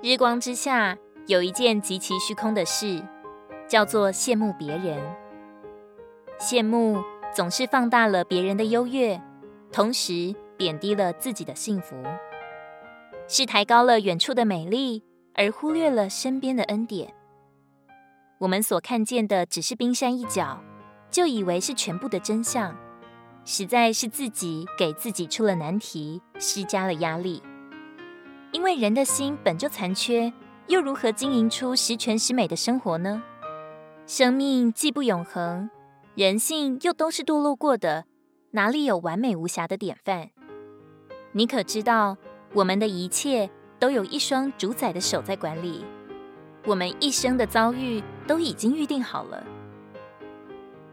日光之下有一件極其虛空的事，叫做羨慕別人。羨慕總是放大了別人的優越，同時貶低了自己的幸福，是抬高了遠處的美麗，而忽略了身邊的恩典。我們所看見的只是冰山一角，就以為是全部的真相，實在是自己給自己出了難題，施加了壓力。因為人的心本就殘缺，又如何經營出十全十美的生活呢？生命既不永恆，人性又都是墮落過的，哪裡有完美無瑕的典範？你可知道，我們的一切都有一雙主宰的手在管理，我們一生的遭遇都已經預定好了。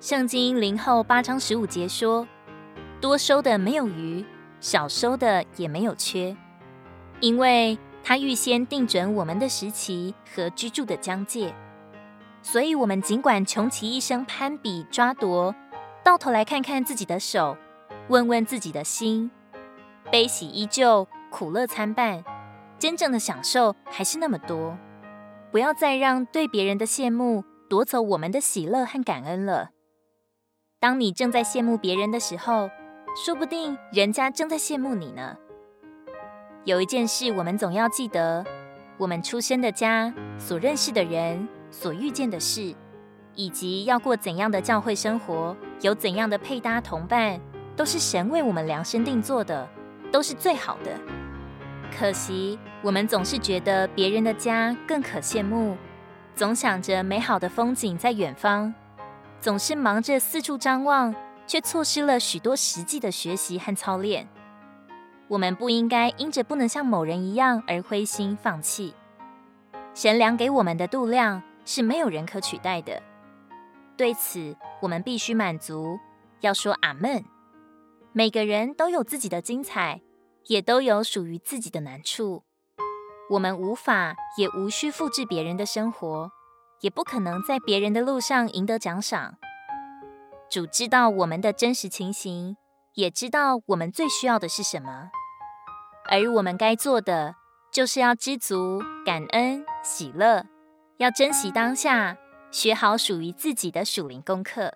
聖經林後八章十五節說：“多收的沒有餘，少收的也沒有缺。”因為祂預先定準我們的時期和居住的疆界，所以我們儘管窮其一生攀比、抓奪，到頭來看看自己的手，問問自己的心，悲喜依舊，苦樂參半，真正的享受還是那麼多。不要再讓對別人的羨慕奪走我們的喜樂和感恩了。當你正在羨慕別人的時候，說不定人家正在羨慕你呢。有一件事，我們總要記得：我們出生的家、所認識的人、所遇見的事，以及要過怎樣的教會生活、有怎樣的配搭同伴，都是神為我們量身定做的，都是最好的。可惜，我們總是覺得別人的家更可羨慕，總想着美好的風景在遠方，總是忙着四處張望，卻錯失了許多實際的學習和操練。我們不應該因着不能像某人一樣而灰心放棄。神量給我們的度量是沒有人可取代的，對此我們必須滿足，要說阿門。每個人都有自己的精彩，也都有屬於自己的難處。我們無法也無需複製別人的生活，也不可能在別人的路上贏得獎賞。主知道我們的真實情形，也知道我們最需要的是什麼，而我們該做的就是要知足、感恩、喜樂，要珍惜當下，學好屬於自己的屬靈功課，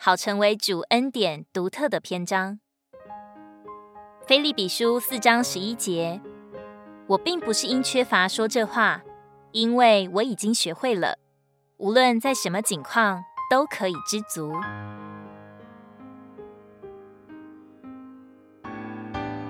好成為主恩典獨特的篇章。腓立比書四章十一節，我並不是因缺乏說這話，因為我已經學會了，無論在什麼景況，都可以知足。